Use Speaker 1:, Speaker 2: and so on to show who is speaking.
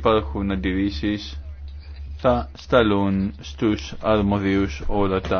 Speaker 1: υπάρχουν αντιρρήσεις θα σταλούν στους αρμοδίους όλα τα